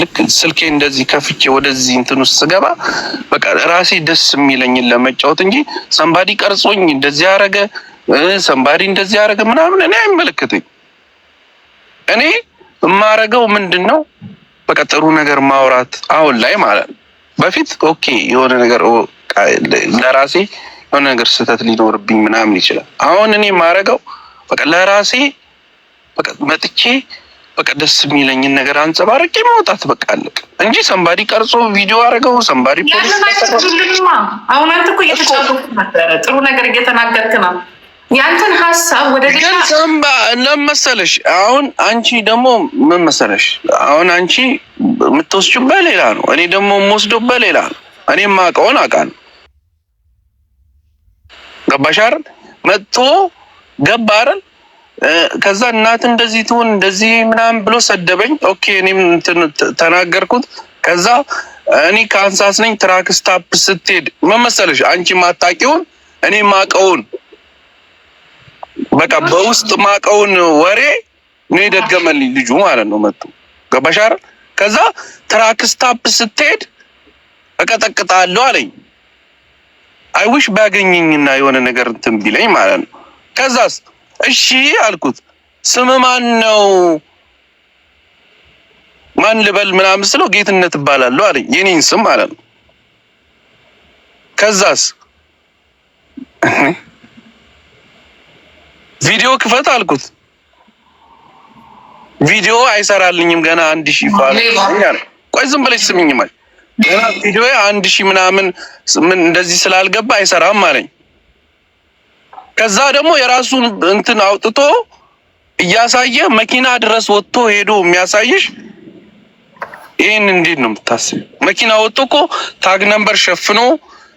ልክ ስልኬ እንደዚህ ከፍቼ ወደዚህ እንትን ውስጥ ስገባ በቃ ራሴ ደስ የሚለኝን ለመጫወት እንጂ ሰንባዲ ቀርጾኝ እንደዚህ ያደረገ ሰንባዲ እንደዚህ ያደረገ ምናምን እኔ አይመለከተኝ። እኔ የማረገው ምንድን ነው በቃ ጥሩ ነገር ማውራት አሁን ላይ ማለት ነው። በፊት ኦኬ የሆነ ነገር ለራሴ የሆነ ነገር ስህተት ሊኖርብኝ ምናምን ይችላል። አሁን እኔ የማረገው በቃ ለራሴ በቃ መጥቼ በቃ ደስ የሚለኝን ነገር አንጸባርቄ የማውጣት በቃ አለቅ እንጂ ሰንባዲ ቀርጾ ቪዲዮ አድርገው ሰንባዲ አሁን አንተ እኮ እየተጫወትክ ነበረ፣ ጥሩ ነገር እየተናገርክ ነው። ያንተን ሀሳብ ወደ ግን ሰንባ ለመሰለሽ አሁን አንቺ ደግሞ ምን መሰለሽ አሁን አንቺ የምትወስጅበት ሌላ ነው፣ እኔ ደግሞ የምወስዶበት ሌላ ነው። እኔ የማውቀውን አውቃለሁ። ገባሽ አይደል? መጥቶ ገባ አይደል? ከዛ እናት እንደዚህ ትሁን እንደዚህ ምናምን ብሎ ሰደበኝ። ኦኬ እኔም ተናገርኩት። ከዛ እኔ ካንሳስ ነኝ ትራክ ስታፕ ስትሄድ መመሰለሽ አንቺ ማታቂውን እኔ ማቀውን በቃ በውስጥ ማቀውን ወሬ ነው ደገመልኝ ልጁ ማለት ነው። መጡ ገባሻር ከዛ ትራክ ስታፕ ስትሄድ እቀጠቅጣለሁ አለኝ። አይ ዊሽ ባገኘኝና የሆነ ነገር እንትን ቢለኝ ማለት ነው ከዛስ እሺ አልኩት። ስም ማን ነው ማን ልበል ምናምን ስለው ጌትነት እባላለሁ አለኝ። የኔን ስም ማለት ነው። ከዛስ ቪዲዮ ክፈት አልኩት። ቪዲዮ አይሰራልኝም ገና አንድ ሺ ይባላል። ቆይ ዝም ብለሽ ስሚኝ ማለት ገና ቪዲዮ አንድ ሺ ምናምን ምን እንደዚህ ስላልገባ አይሰራም አለኝ። ከዛ ደግሞ የራሱን እንትን አውጥቶ እያሳየ መኪና ድረስ ወጥቶ ሄዶ የሚያሳይሽ ይህን እንዴት ነው የምታስብ? መኪና ወጥቶ እኮ ታግ ነንበር ሸፍኖ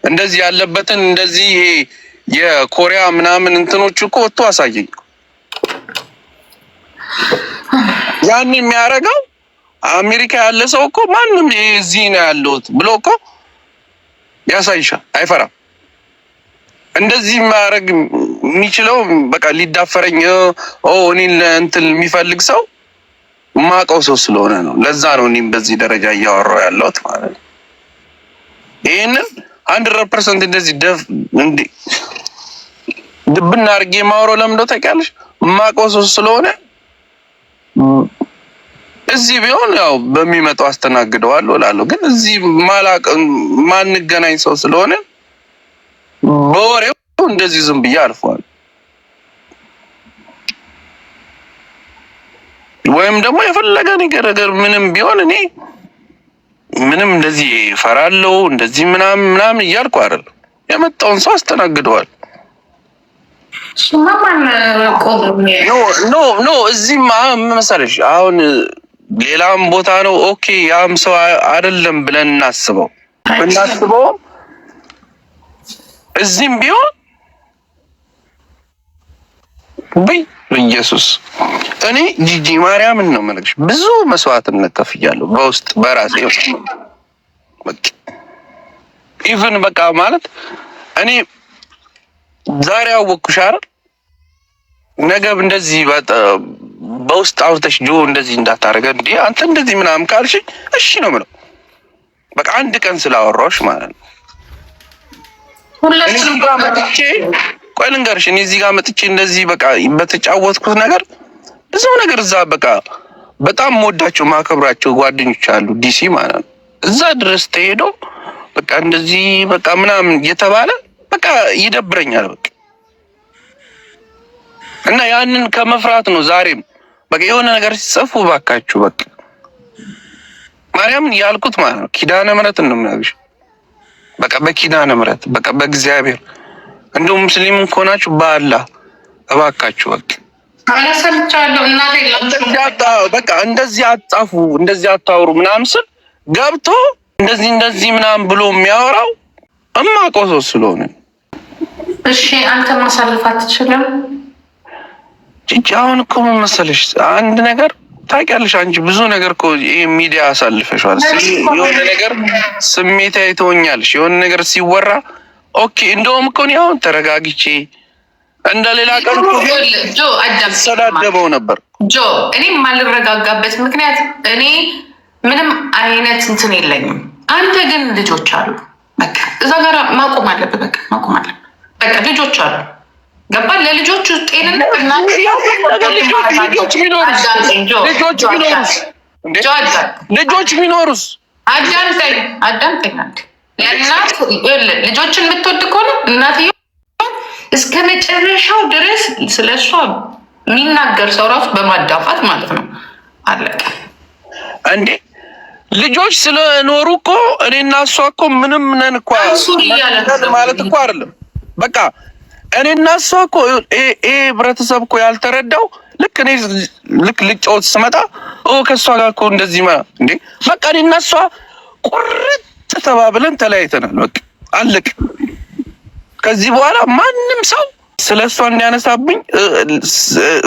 እንደዚህ ያለበትን እንደዚህ ይሄ የኮሪያ ምናምን እንትኖች እኮ ወጥቶ አሳየኝ። ያን የሚያደርገው አሜሪካ ያለ ሰው እኮ ማንም እዚህ ነው ያለሁት ብሎ እኮ ያሳይሻል። አይፈራም። እንደዚህ የሚያደርግ የሚችለው በቃ ሊዳፈረኝ እኔን እንትን የሚፈልግ ሰው ማቀው ሰው ስለሆነ ነው። ለዛ ነው እኔም በዚህ ደረጃ እያወራው ያለሁት ማለት ነው። ይህንን ሀንድረድ ፐርሰንት እንደዚህ ደፍ እንዲ ድብና አድርጌ ማውራው ለምዶ ታውቂያለሽ፣ ማቀው ሰው ስለሆነ እዚህ ቢሆን ያው በሚመጣው አስተናግደዋለሁ እላለሁ። ግን እዚህ ማላቅ ማንገናኝ ሰው ስለሆነ በወሬው እንደዚህ ዝም ብዬ አልፈዋል። ወይም ደግሞ የፈለገ ነገር ምንም ቢሆን እኔ ምንም እንደዚህ ፈራለው እንደዚህ ምናምን ምናምን እያልኩ አይደል። የመጣውን ሰው አስተናግደዋል። ኖ እዚህ መሰለሽ አሁን ሌላም ቦታ ነው ኦኬ፣ ያም ሰው አይደለም ብለን እናስበው ብናስበውም እዚህም ቢሆን ያደረግኩብኝ ኢየሱስ እኔ ጂጂ ማርያምን ነው የምልሽ። ብዙ መስዋዕትነት ከፍያለሁ በውስጥ በራሴ ኢቭን በቃ ማለት እኔ ዛሬ አወቅኩሽ አይደል? ነገብ እንደዚህ በውስጥ አውርተሽ ጆ እንደዚህ እንዳታደርገ እንዲ አንተ እንደዚህ ምናምን ካልሽኝ እሺ ነው የምለው። በቃ አንድ ቀን ስላወራሁሽ ማለት ነው ሁለቱም ጋር መጥቼ ቆይ ልንገርሽ፣ እኔ እዚህ ጋር መጥቼ እንደዚህ በቃ በተጫወትኩት ነገር ብዙ ነገር እዛ በቃ በጣም መወዳቸው ማከብራቸው ጓደኞች አሉ ዲሲ ማለት ነው። እዛ ድረስ ተሄዶ በቃ እንደዚህ በቃ ምናምን እየተባለ በቃ ይደብረኛል በቃ እና ያንን ከመፍራት ነው ዛሬም በቃ የሆነ ነገር ሲጽፉ ባካችሁ በቃ ማርያምን ያልኩት ማለት ነው። ኪዳነ ምሕረት ነው በቃ በኪዳነ ምሕረት በቃ በእግዚአብሔር እንደ ሙስሊም ከሆናችሁ በአላህ እባካችሁ በቃ በቃ እንደዚህ አጣፉ እንደዚህ አታውሩ ምናምን ስል ገብቶ እንደዚህ እንደዚህ ምናምን ብሎ የሚያወራው እማቆሶ ስለሆነ እሺ፣ አንተ ማሳለፍ አትችልም። ጭጭ አሁን እኮ ምን መሰለሽ፣ አንድ ነገር ታውቂያለሽ፣ አንቺ ብዙ ነገር እኮ ሚዲያ አሳልፈሻል። የሆነ ነገር ስሜት አይተወኛለሽ፣ የሆነ ነገር ሲወራ ኦኬ እንደውም እኮ እኔ አሁን ተረጋግቼ እንደ ሌላ ቀን ሰዳደበው ነበር ጆ። እኔ የማልረጋጋበት ምክንያት እኔ ምንም አይነት እንትን የለኝም። አንተ ግን ልጆች አሉ። በቃ እዛ ጋር ማቆም አለብህ። በቃ ማቆም አለብህ። በቃ ልጆች አሉ። ገባን? ለልጆቹ ጤንነት ልጆች ቢኖሩስ? አዳምጠኝ አዳምጠኝ አንድ የእናት ልጆችን የምትወድ ከሆነ እናትዬ እስከ መጨረሻው ድረስ ስለ እሷ የሚናገር ሰው ራሱ በማዳፋት ማለት ነው። አለቀ እንዴ! ልጆች ስለኖሩ እኮ እኔና እሷ እኮ ምንም ነን እኮ ማለት እኮ አይደለም። በቃ እኔና እሷ እኮ ይሄ ህብረተሰብ እኮ ያልተረዳው ልክ እኔ ልክ ልጫወት ስመጣ ከእሷ ጋር እኮ እንደዚህ እንዴ! በቃ እኔና እሷ ቁርጥ ተተባብለን ተለያይተናል። በቃ አለቅ። ከዚህ በኋላ ማንም ሰው ስለ እሷ እንዲያነሳብኝ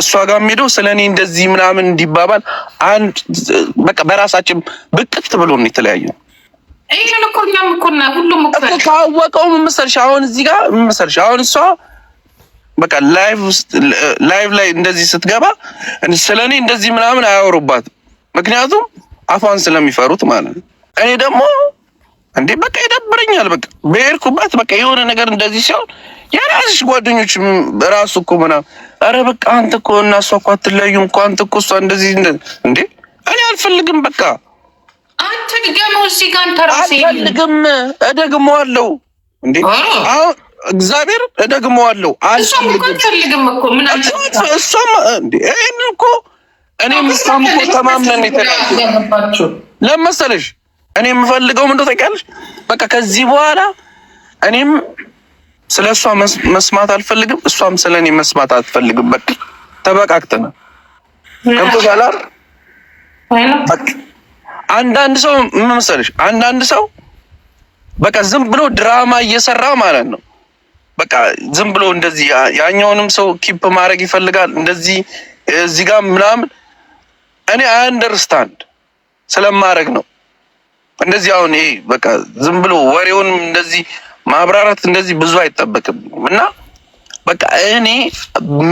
እሷ ጋር የሚሄደው ስለ እኔ እንደዚህ ምናምን እንዲባባል አንድ በቃ በራሳችን ብቅት ብሎ ነው የተለያዩ። ይህን እኮ እኛም እኮ ሁሉም እኮ ካወቀው መሰልሽ አሁን እዚህ ጋር መሰልሽ አሁን እሷ በቃ ላይቭ ላይ እንደዚህ ስትገባ ስለ እኔ እንደዚህ ምናምን አያወሩባትም። ምክንያቱም አፏን ስለሚፈሩት ማለት ነው። እኔ ደግሞ እንዴ በቃ ይደብረኛል። በቃ በሄድኩበት በቃ የሆነ ነገር እንደዚህ ሲሆን የራስሽ ጓደኞች ራሱ እኮ ምናምን ኧረ በቃ አንተ እኮ እና እሷ እኮ አትለያዩም እኮ አንተ እኮ እሷ እንደዚህ እንዴ እኔ አልፈልግም። በቃ አትድገመው፣ እዚህ ጋር አልፈልግም። እደግመዋለሁ እንዴ አሁን እግዚአብሔር እደግመዋለሁ። እሷም እንዴ እኮ እኔ ምሳም እኮ ተማምነን የተለያዩ ለመሰለሽ እኔ የምፈልገው ምንድን ታውቂያለሽ? በቃ ከዚህ በኋላ እኔም ስለ እሷ መስማት አልፈልግም፣ እሷም ስለ እኔ መስማት አትፈልግም። በቃ ተበቃቅተናል። ገብቶሻል አይደል? አንዳንድ ሰው ምን መሰለሽ፣ አንዳንድ ሰው በቃ ዝም ብሎ ድራማ እየሰራ ማለት ነው። በቃ ዝም ብሎ እንደዚህ ያኛውንም ሰው ኪፕ ማድረግ ይፈልጋል፣ እንደዚህ እዚህ ጋር ምናምን። እኔ አንደርስታንድ ስለማድረግ ነው እንደዚህ አሁን ይሄ በቃ ዝም ብሎ ወሬውን እንደዚህ ማብራራት እንደዚህ ብዙ አይጠበቅም እና በቃ እኔ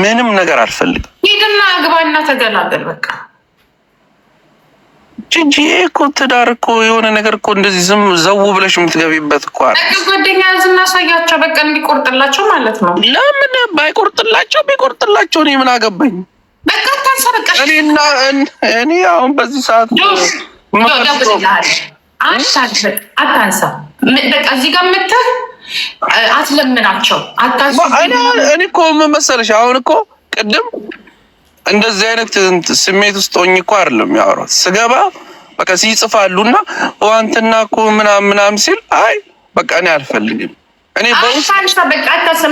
ምንም ነገር አልፈልግም። ሂድና ግባና ተገላገል በቃ ጅጂ እኮ ትዳር እኮ የሆነ ነገር እኮ እንደዚህ ዝም ዘው ብለሽ የምትገቢበት እኮ ጓደኛ ዝናሳያቸው በቃ እንዲቆርጥላቸው ማለት ነው። ለምን ባይቆርጥላቸው ቢቆርጥላቸው እኔ ምን አገባኝ? በቃ ታንሳ በቃ እኔ አሁን በዚህ ሰዓት አሻሽል አታንሳ። በቃ እዚህ ጋር መተህ አትለምናቸው። እኔ እኮ ምን መሰለሽ፣ አሁን እኮ ቅድም እንደዚህ አይነት ስሜት ውስጥ ሆኜ እኮ አይደለም ያወራሁት። ስገባ በቃ ሲጽፋሉ እና ዋንትና እኮ ምናምን ምናምን ሲል አይ በቃ እኔ አልፈልግም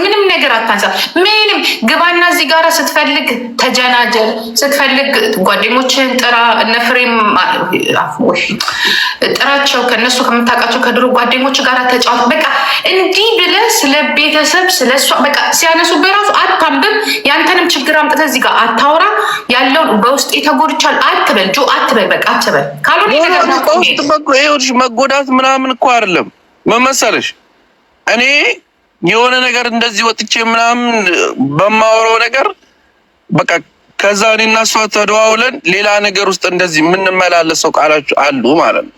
ምንም ነገር አታንሳ። ምንም ግባና እዚህ ጋር ስትፈልግ ተጀናጀር፣ ስትፈልግ ጓደኞችህን ጥራ፣ ነፍሬም ጥራቸው፣ ከነሱ ከምታውቃቸው ከድሮ ጓደኞች ጋር ተጫወት። በቃ እንዲህ ብለህ ስለ ቤተሰብ ስለ እሷ በቃ ሲያነሱ በራሱ አታንብብ። ያንተንም ችግር አምጥተህ እዚህ ጋር አታውራ። ያለውን በውስጥ የተጎድቻል አትበል፣ ጆ አትበል፣ በቃ አትበል። ካልሆነ ነገር መጎዳት ምናምን እኮ አይደለም መመሰለሽ እኔ የሆነ ነገር እንደዚህ ወጥቼ ምናምን በማወራው ነገር በቃ ከዛ እኔ እና እሷ ተደዋውለን ሌላ ነገር ውስጥ እንደዚህ የምንመላለሰው ቃላች አሉ ማለት ነው።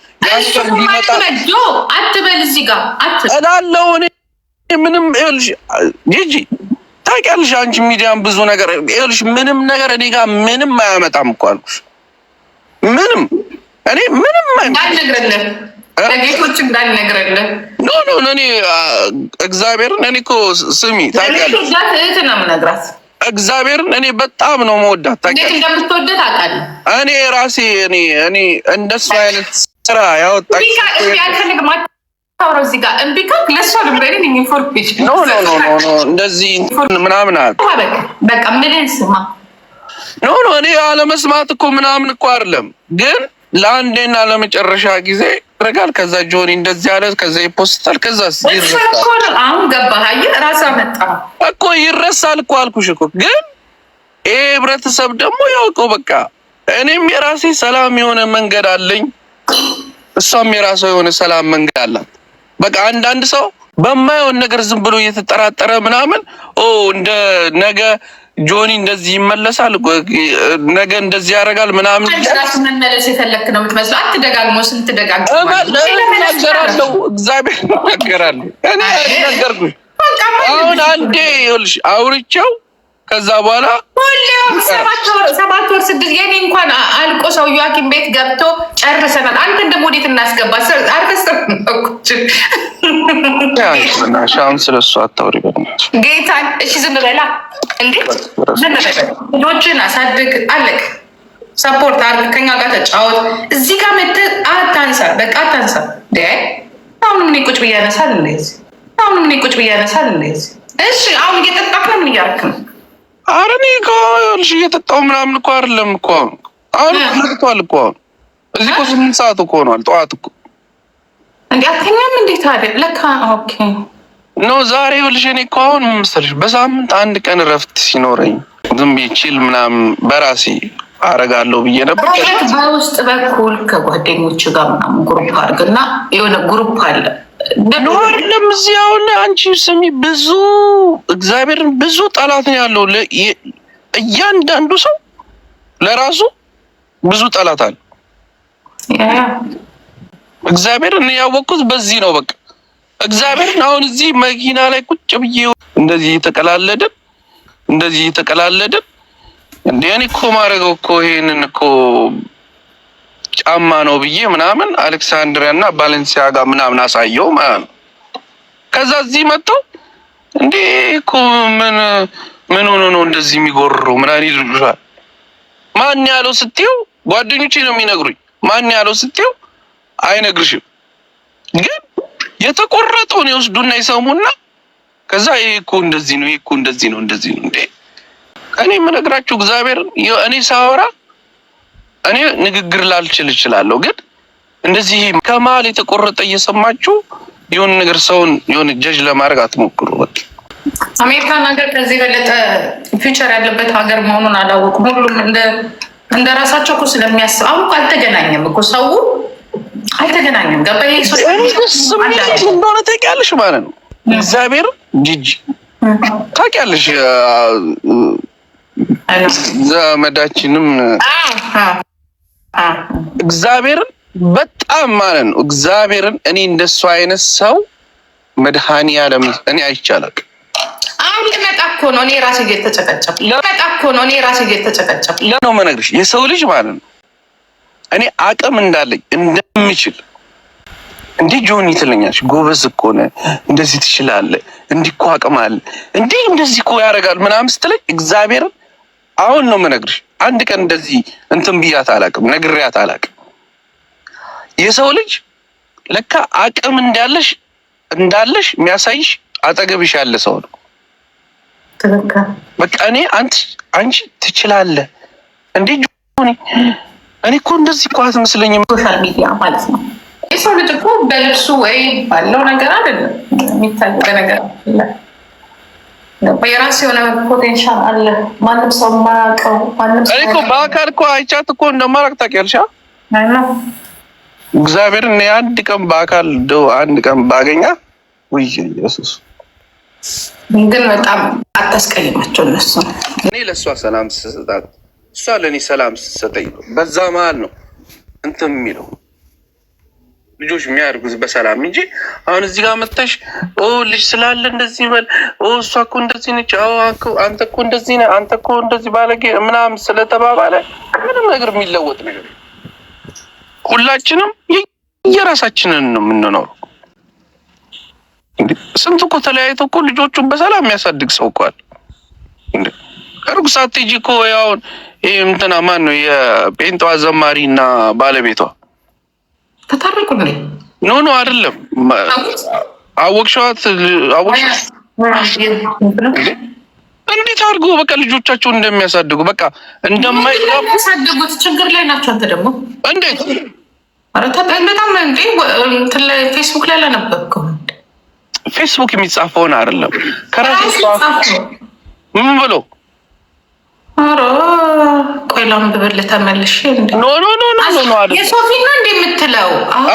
አትበል እዚህ ጋር እላለሁ እኔ ምንም ይኸውልሽ፣ ጂጂ ታውቂያለሽ፣ አንቺ ሚዲያም ብዙ ነገር ይኸውልሽ፣ ምንም ነገር እኔ ጋር ምንም አያመጣም እኮ አልኩሽ። ምንም እኔ ምንም ጌቶች እንዳልነግረልን ኖ ኖ እኔ እግዚአብሔርን እኔ እኮ ስሚ ታውቂያለሽ፣ እህት ነው የምነግራት። እግዚአብሔርን እኔ በጣም ነው መወዳት። ታውቂያለሽ እንደምትወደድ አውቃለሁ። እኔ ራሴ እኔ እኔ እንደሱ አይነት ስራ ኖ እኔ አለመስማት እኮ ምናምን እኮ አይደለም፣ ግን ለአንዴና ለመጨረሻ ጊዜ ያደርጋል። ከዛ ጆኒ እንደዚህ አለ፣ ከዛ ይፖስታል፣ ከዛ አሁን ገባህ ራሳ መጣ እኮ ይረሳል እኮ አልኩሽ እኮ። ግን ይህ ህብረተሰብ ደግሞ ያውቀው በቃ እኔም የራሴ ሰላም የሆነ መንገድ አለኝ፣ እሷም የራሷ የሆነ ሰላም መንገድ አላት። በቃ አንዳንድ ሰው በማየውን ነገር ዝም ብሎ እየተጠራጠረ ምናምን እንደ ነገ ጆኒ እንደዚህ ይመለሳል፣ ነገ እንደዚህ ያደርጋል ምናምን። መመለስ የፈለክ ነው የምትመስለው። አትደጋግሞ ስንትደጋግሞ እናገራለሁ። እግዚአብሔር እናገራለሁ። እኔ ነገርኩሽ። አሁን አንዴ ይኸውልሽ አውርቼው ከዛ በኋላ ሁሌም ሰባት ወር ስድስት የኔ እንኳን አልቆ ሰውዬው ሐኪም ቤት ገብቶ ጨርሰናል። አንተን ደግሞ ወዴት እናስገባ? አርተስሁን ስለሱ አታውሪ ጌታን። እሺ ዝም በላ እንዴት እንዴ፣ ልጆችን አሳድግ፣ አለቅ፣ ሰፖርት አርግ፣ ከኛ ጋር ተጫወት። እዚህ ጋር መተህ አታንሳ፣ በቃ አታንሳ። አሁን ምን ቁጭ ብያነሳል ያነሳል እንደዚህ፣ አሁንም እኔ ቁጭ ብያነሳል ያነሳል እንደዚህ። እሺ አሁን እየጠጣክ ነው፣ ምን እያደረክ ነው? አረ እኔ እኮ ይኸውልሽ እየጠጣሁ ምናምን እኮ አይደለም እኮ አሁን ነቅቷል እኮ እዚህ እኮ ስምንት ሰዓት እኮ ሆኗል። ጠዋት እኮ እንዴ አትኛም እንዴ ታዲያ? ለካ ኦኬ ኖ ዛሬ ይኸውልሽ እኔ እኮ አሁን ምን መሰለሽ በሳምንት አንድ ቀን እረፍት ሲኖረኝ ዝም ብዬ ችል ምናምን በራሴ አረጋለሁ ብዬ ነበር። በውስጥ በኩል ከጓደኞች ጋር ምናምን ግሩፕ አድርግና የሆነ ግሩፕ አለ አይደለም እዚህ አንቺ ስሚ፣ ብዙ እግዚአብሔር ብዙ ጠላት ነው ያለው። እያንዳንዱ ሰው ለራሱ ብዙ ጠላት አለ። እግዚአብሔርን ያወቅኩት በዚህ ነው። በቃ እግዚአብሔርን አሁን እዚህ መኪና ላይ ቁጭ ብዬ እንደዚህ የተቀላለድን እንደዚህ የተቀላለድን እንደ እኔ እኮ ማድረገው እኮ ይሄንን እኮ ጫማ ነው ብዬ ምናምን አሌክሳንድሪያ እና ባለንሲያጋ ምናምን አሳየው ማለት ነው። ከዛ እዚህ መጥቶ እንዴ እኮ ምን ምን ሆኖ ነው እንደዚህ የሚጎርረው ምናምን ይሉሻል። ማን ያለው ስትይው፣ ጓደኞቼ ነው የሚነግሩኝ። ማን ያለው ስትየው ጓደኞቼ ነው የሚነግሩኝ ማን ያለው ስትየው አይነግርሽም ግን የተቆረጠውን ይወስዱና ይሰሙና ከዛ ይሄ እኮ እንደዚህ ነው፣ ይሄ እኮ እንደዚህ ነው፣ እንደዚህ ነው። እንዴ እኔ የምነግራችሁ እግዚአብሔር እኔ ሳወራ እኔ ንግግር ላልችል እችላለሁ፣ ግን እንደዚህ ከመሀል የተቆረጠ እየሰማችሁ የሆን ነገር ሰውን የሆን ጀጅ ለማድረግ አትሞክሩ። አሜሪካን ሀገር ከዚህ የበለጠ ፊውቸር ያለበት ሀገር መሆኑን አላወቁም። ሁሉም እንደ ራሳቸው እኮ ስለሚያስብ አሁን አልተገናኘም እኮ ሰው አልተገናኘም። ገባስሜት እንደሆነ ታውቂያለሽ ማለት ነው። እግዚአብሔር ጅጅ ታውቂያለሽ ዘመዳችንም እግዚአብሔርን በጣም ማለት ነው። እግዚአብሔርን እኔ እንደሱ አይነት ሰው መድሃኒ ያለም እኔ አይቻልም። አሁን ልመጣ እኮ ነው። እኔ ራሴ እየተጨቀጨኩ ልመጣ እኮ ነው። እኔ ራሴ እየተጨቀጨኩ ነው መነግርሽ። የሰው ልጅ ማለት ነው እኔ አቅም እንዳለኝ እንደምችል እንዴ ጆኒ ትለኛለች። ጎበዝ እኮ ነህ፣ እንደዚህ ትችላለህ፣ እንዲህ እኮ አቅም አለ፣ እንዲህ እንደዚህ እኮ ያደርጋል ምናምን ስትለኝ እግዚአብሔርን አሁን ነው መነግርሽ አንድ ቀን እንደዚህ እንትን ብያት አላቅም፣ ነግሬያት አላቅም። የሰው ልጅ ለካ አቅም እንዳለሽ እንዳለሽ የሚያሳይሽ አጠገብሽ ያለ ሰው ነው። በቃ እኔ አንቺ አንቺ ትችላለህ እንዴ ጆኒ፣ እኔ እኮ እንደዚህ እኮ አትመስለኝም። ሶሻል ሚዲያ ማለት ነው። የሰው ልጅ እኮ በልብሱ ወይ ባለው ነገር አይደለም የሚታይ ነገር የራሱ የሆነ ፖቴንሻል አለ። ማንም ሰው የማያውቀው ማንም ሰው እኮ በአካል እኮ አይቻት እኮ እንደማላውቅ ታውቂያለሽ። እግዚአብሔር እኔ አንድ ቀን በአካል እንደው አንድ ቀን ባገኛ ውይ ኢየሱስ ግን በጣም አታስቀይማቸው እነሱ። እኔ ለእሷ ሰላም ስሰጣት፣ እሷ ለእኔ ሰላም ስሰጠኝ በዛ መሀል ነው እንትን የሚለው ልጆች የሚያደርጉት በሰላም እንጂ አሁን እዚህ ጋር መጥተሽ ልጅ ስላለ እንደዚህ በል እሷ እኮ እንደዚህ ነች፣ አንተ እኮ እንደዚህ ነህ፣ አንተ እኮ እንደዚህ ባለጌ ምናምን ስለተባባለ ምንም ነገር የሚለወጥ ነገር ሁላችንም የራሳችንን ነው የምንኖሩ ስንት እኮ ተለያይቶ እኮ ልጆቹን በሰላም የሚያሳድግ ሰው እኮ አለ። ሩቅ ሳትሄጂ እኮ ይህ እንትና ማን ነው የጴንጤዋ እና ባለቤቷ ተታረቁ። ኖ ኖ አይደለም። አወቅሸዋት እንዴት አድርጎ በቃ ልጆቻቸውን እንደሚያሳድጉ በቃ እንደማይሳድጉት ችግር ላይ ናቸው። አንተ ደግሞ እንዴት በጣም እንዴ ፌስቡክ ላይ አላነበብከው? ፌስቡክ የሚጻፈውን አይደለም ከራሱ ምን ብሎ ኧረ ቆይ ኖ ኖ ኖ ኖ የምትለው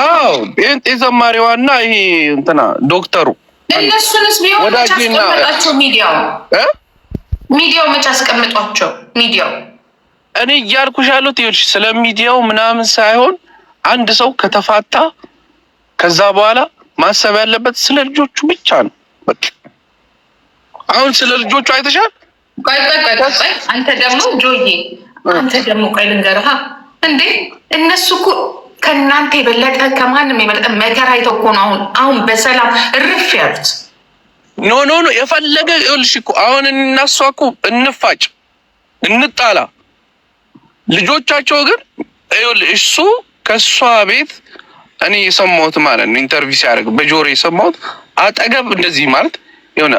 አዎ፣ ጴንጤ ዘማሪዋና ይሄ እንትና ዶክተሩ እነሱንስ ቢሆን መች አስቀምጧቸው። ሚዲያው ሚዲያው መች አስቀምጧቸው። ሚዲያው እኔ እያልኩሽ ያሉት ይኸውልሽ፣ ስለ ሚዲያው ምናምን ሳይሆን አንድ ሰው ከተፋታ ከዛ በኋላ ማሰብ ያለበት ስለ ልጆቹ ብቻ ነው። በቃ አሁን ስለ ልጆቹ አይተሻል። ቆይ ቆይ ቆይ ቆይ አንተ ደግሞ ጆዬ አንተ ደግሞ ቆይ ልንገርህ እንዴ እነሱ እኮ ከእናንተ የበለጠ ከማንም የበለጠ መከራ አይተው እኮ ነው አሁን አሁን በሰላም እርፍ ያሉት። ኖ ኖ ኖ የፈለገ ይኸውልሽ እኮ አሁን እናሷ እኮ እንፋጭ እንጣላ፣ ልጆቻቸው ግን ይኸውልሽ እሱ ከእሷ ቤት እኔ የሰማሁት ማለት ነው ኢንተርቪው ሲያደርግ በጆሮ የሰማሁት አጠገብ እንደዚህ ማለት የሆነ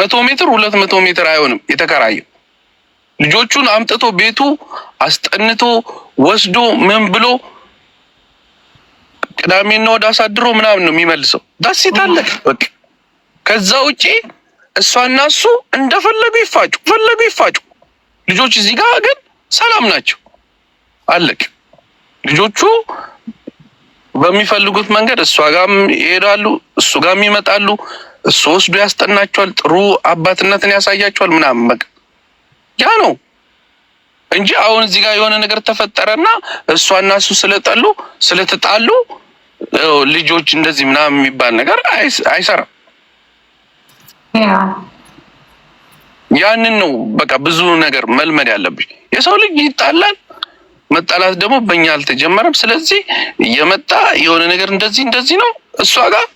መቶ ሜትር ሁለት መቶ ሜትር አይሆንም የተከራየው። ልጆቹን አምጥቶ ቤቱ አስጠንቶ ወስዶ ምን ብሎ ቅዳሜና ወደ አሳድሮ ምናምን ነው የሚመልሰው። ዳስ ይታለቅ ከዛ ውጪ እሷና እሱ እንደፈለጉ ይፋጩ ፈለጉ ይፋጩ። ልጆች እዚህ ጋር ግን ሰላም ናቸው። አለቅ ልጆቹ በሚፈልጉት መንገድ እሷ ጋም ይሄዳሉ፣ እሱ ጋም ይመጣሉ። እሱ ወስዶ ያስጠናቸዋል፣ ጥሩ አባትነትን ያሳያቸዋል ምናምን በቃ ያ ነው እንጂ አሁን እዚህ ጋር የሆነ ነገር ተፈጠረና እሷና እሱ ስለጠሉ ስለተጣሉ ልጆች እንደዚህ ምናምን የሚባል ነገር አይሰራም። ያንን ነው በቃ ብዙ ነገር መልመድ ያለብሽ። የሰው ልጅ ይጣላል። መጣላት ደግሞ በእኛ አልተጀመረም። ስለዚህ እየመጣ የሆነ ነገር እንደዚህ እንደዚህ ነው እሷ ጋር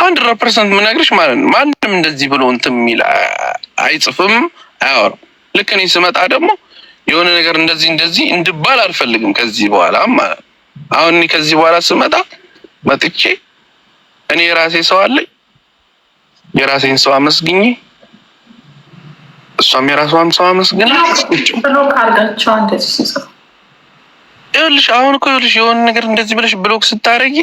ሀንድረድ ፐርሰንት የምነግርሽ ማለት ነው። ማንም እንደዚህ ብሎ እንትን የሚል አይጽፍም፣ አያወራም። ልክ እኔ ስመጣ ደግሞ የሆነ ነገር እንደዚህ እንደዚህ እንድባል አልፈልግም ከዚህ በኋላ ማለት አሁን እኔ ከዚህ በኋላ ስመጣ መጥቼ እኔ የራሴ ሰው አለኝ፣ የራሴን ሰው አመስግኝ፣ እሷም የራሷን ሰው አመስግና ብሎክ ይኸውልሽ፣ አሁን እኮ ይኸውልሽ የሆነ ነገር እንደዚህ ብለሽ ብሎክ ስታደርጊ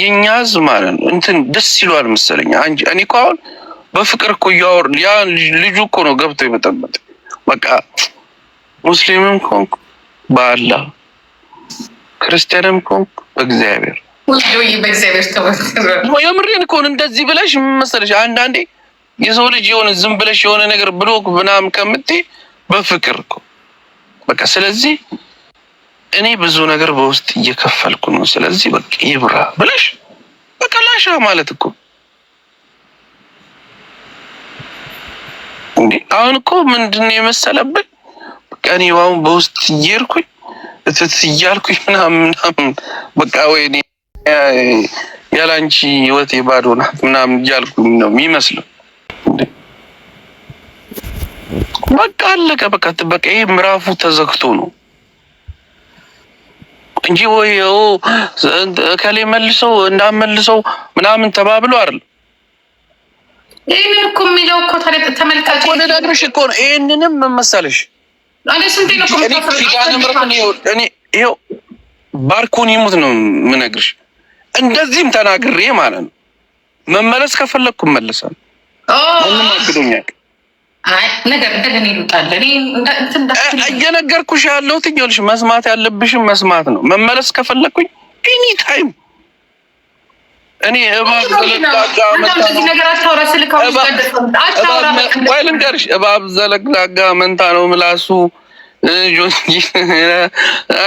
የኛ ህዝብ ማለት ነው እንትን ደስ ይለዋል መሰለኝ። እኔ እኮ አሁን በፍቅር እኮ እያወር ያ ልጁ እኮ ነው ገብቶ የመጠመጥ በቃ ሙስሊምም ኮንክ በአላህ ክርስቲያንም ኮንክ በእግዚአብሔር የምሬን ከሆን እንደዚህ ብለሽ መሰለሽ አንዳንዴ የሰው ልጅ የሆነ ዝም ብለሽ የሆነ ነገር ብሎ ምናምን ከምትይ በፍቅር እኮ በቃ ስለዚህ እኔ ብዙ ነገር በውስጥ እየከፈልኩ ነው፣ ስለዚህ በቃ ይብራ ብለሽ በቃ ላሻ ማለት እኮ አሁን እኮ ምንድን ነው የመሰለብኝ እኔ አሁን በውስጥ እየሄድኩኝ እትት እያልኩኝ ምናምን ምናምን በቃ ወይ ያለ አንቺ ህይወቴ ባዶ ናት ምናምን እያልኩኝ ነው የሚመስለው። በቃ አለቀ። በቃ በቃ ይሄ ምዕራፉ ተዘግቶ ነው እንጂ ወይ እከሌ መልሰው እንዳመልሰው ምናምን ተባብሎ አይደል? ይህንን እኮ የሚለው እኮ ተመልካች እኮ ነው። ይህንንም ይኸው ባርኮን ይሙት ነው የምነግርሽ። እንደዚህም ተናግሬ ማለት ነው መመለስ ከፈለግኩ መለሳል። ምንም አግዶኛል እየነገርኩሽ ያለው ትኛልሽ መስማት ያለብሽም መስማት ነው። መመለስ ከፈለግኩኝ ኤኒ ታይም እኔ እባብ ልንገርሽ፣ እባብ ዘለግላጋ መንታ ነው ምላሱ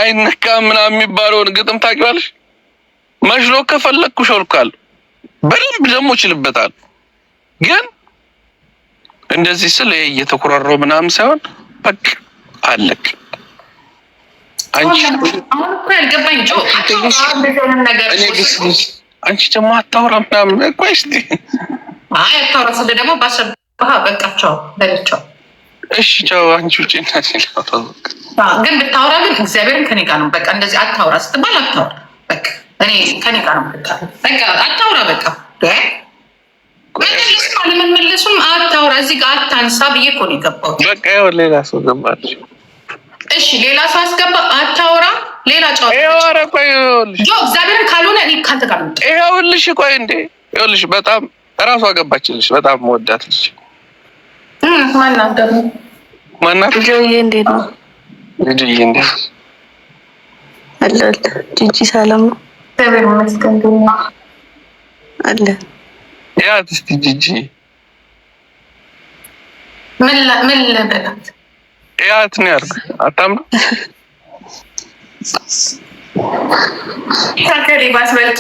አይነካ ምናምን የሚባለውን ግጥም ታውቂዋለሽ? መሽሎ ከፈለግኩ ሾልካል በደንብ ደግሞ እችልበታል ግን እንደዚህ ስል እየተኮራረው ምናምን ሳይሆን በቃ አለቅ አንቺ ደግሞ አታውራ ምናምን ቆይስ አታውራ ስለ ደግሞ ባሰብሀ በቃቸው በልቻው እሺ ቻው አንቺ ውጭ ግን ብታውራ ግን እግዚአብሔርን ከኔ ጋር ነው። በቃ እንደዚህ አታውራ ስትባል አታውራ በቃ እኔ ከኔ ጋር ነው። በቃ አታውራ በቃ መመለሱም አለመመለሱም አታውራ፣ እዚህ ጋር አታንሳ ብዬ እኮ ነው የገባሁት። በቃ ይኸው ሌላ ሰው ገባች። እሺ ሌላ ሰው አስገባ። አታውራ ሌላ ጨዋታ። ቆይ ይኸውልሽ፣ እግዚአብሔርን ካልሆነ እኔ ከአንተ ጋር ነው። ይኸውልሽ ቆይ እንዴ፣ ይኸውልሽ በጣም እራሷ ገባችልሽ። በጣም መወዳት ማናት ደግሞ ማናት? ልጆዬ እንዴት ነው? ልጆዬ እንዴት አለ? ጂጂ ሰላም ነው? እግዚአብሔር ይመስገን። አለ ያት እስቲ ጂጂ ምን ልበላት? ያት ነው ያልኩ። አታምር ታከሪ ባስበልጥ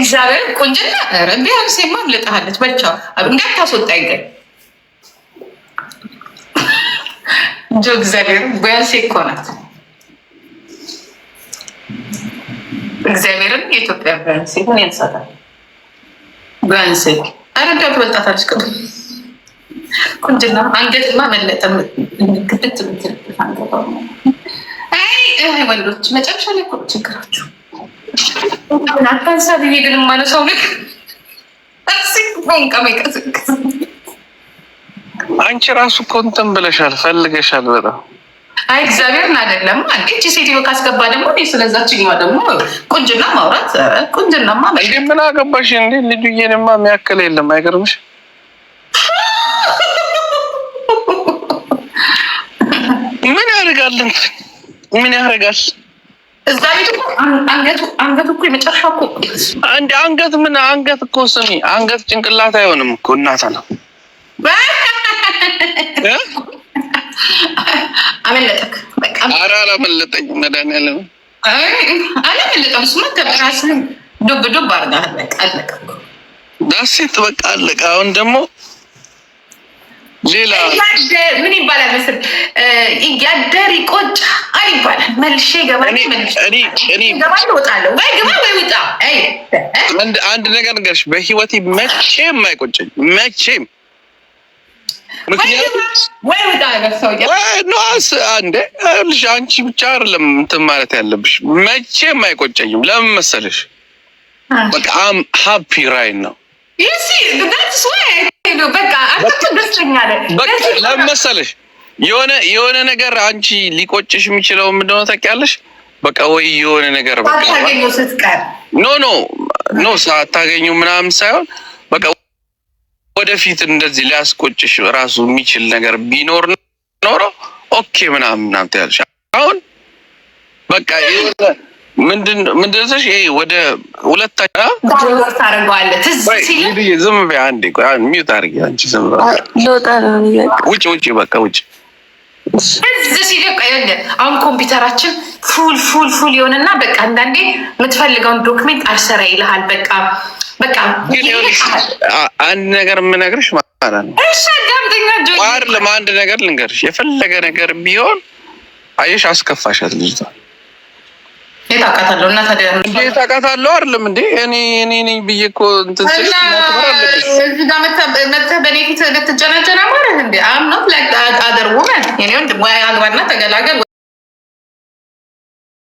እግዚአብሔር ቁንጅና ቢያንሴማ ልጣሃለች። ብቻ እንዳታስወጣኝ ግን እንጆ እግዚአብሔር ቢያንሴ እኮ ናት። እግዚአብሔርን የኢትዮጵያ ቢያንስ ምን ያንሳታል? ቢያንስ አረዳቱ ወጣት አለች። ቁንጅና አንገትማ መለጠ ግድት ምትልበት አንገባ ወንዶች መጨረሻ ላይ እኮ ችግራችሁ አታንሳ ብዬ ግን ማነሳው ልክ አንቺ ራሱ እኮ እንትን ብለሻል ፈልገሻል በጣም አይ እግዚአብሔርን አይደለም። እቺ ሴትዮ ካስገባ ደግሞ ስለዛችኛ ደግሞ ቁንጅና ማውራት ቁንጅናማ ምን አገባሽ እንዴ? ልጁዬንማ የሚያክል የለም። አይገርምሽ? ምን ያደርጋልን? ምን ያደርጋል? እዛ ቤት አንገቱ አንገቱ እኮ የመጨረሻ እኮ እንደ አንገት ምን አንገት እኮ ስሚ፣ አንገት ጭንቅላት አይሆንም እኮ እናታ ነው አመለጠክ። በቃ ኧረ አላመለጠኝ። መድኃኒዓለም አላመለጠም። እሱማ ራስህን ዶብ ዶብ አድርገሃል። አለቀ። ዳሴት በቃ አለቀ። አሁን ደግሞ ሌላ ምን ይባላል መሰለህ? ያደር ቆጫ አይባላል። መልሼ እገባለሁ ወይ ግባ ወይ ውጣ። አንድ ነገር ንገርሽ፣ በህይወቴ መቼም መቼም ምክንያቱምእንደልሽ አንቺ ብቻ አይደለም እንትን ማለት ያለብሽ መቼም አይቆጨኝም። ለምን መሰለሽ በቃ አም ሀፒ ራይት ነው ለምን መሰለሽ የሆነ የሆነ ነገር አንቺ ሊቆጭሽ የሚችለው እንደሆነ ታውቂያለሽ። በቃ ወይ የሆነ ነገር በቃ ኖ ኖ ኖ ሳታገኙ ምናምን ሳይሆን በቃ ወደፊት እንደዚህ ሊያስቆጭሽ ራሱ የሚችል ነገር ቢኖር ኖሮ ኦኬ ምናምን ምናምን ያልሽ አሁን በቃ ምንድን ምንድነሽ ይሄ ወደ ሁለተኛ ዝም በይ አንዴ፣ ሚዩት አድርጊ አንቺ። ዝም ውጭ ውጭ፣ በቃ ውጭ እዚህ ሲደቃ የሆነ አሁን ኮምፒውተራችን ፉል ፉል ፉል የሆነና በቃ አንዳንዴ የምትፈልገውን ዶክሜንት አልሰራ ይልሃል። በቃ በቃ አንድ ነገር የምነግርሽ ማለት ነው። እሺ አዳምጠኛ ጆ፣ አንድ ነገር ልንገርሽ። የፈለገ ነገር ቢሆን አየሽ፣ አስከፋሻት ልጅቷ እንዴት አውቃታለሁ? እና ታዲያ እንዴት አውቃታለሁ? አይደለም እንዴ እኔ እኔ ነኝ ብዬ እኮ እንትን ስልሽ እዚህ ጋር መተህ በእኔ ፊት ልትጀናጀና ማለት እንዴ አም ኖት ላይክ አዘር ውመን የኔ ወንድም ወይ አግባና ተገላገል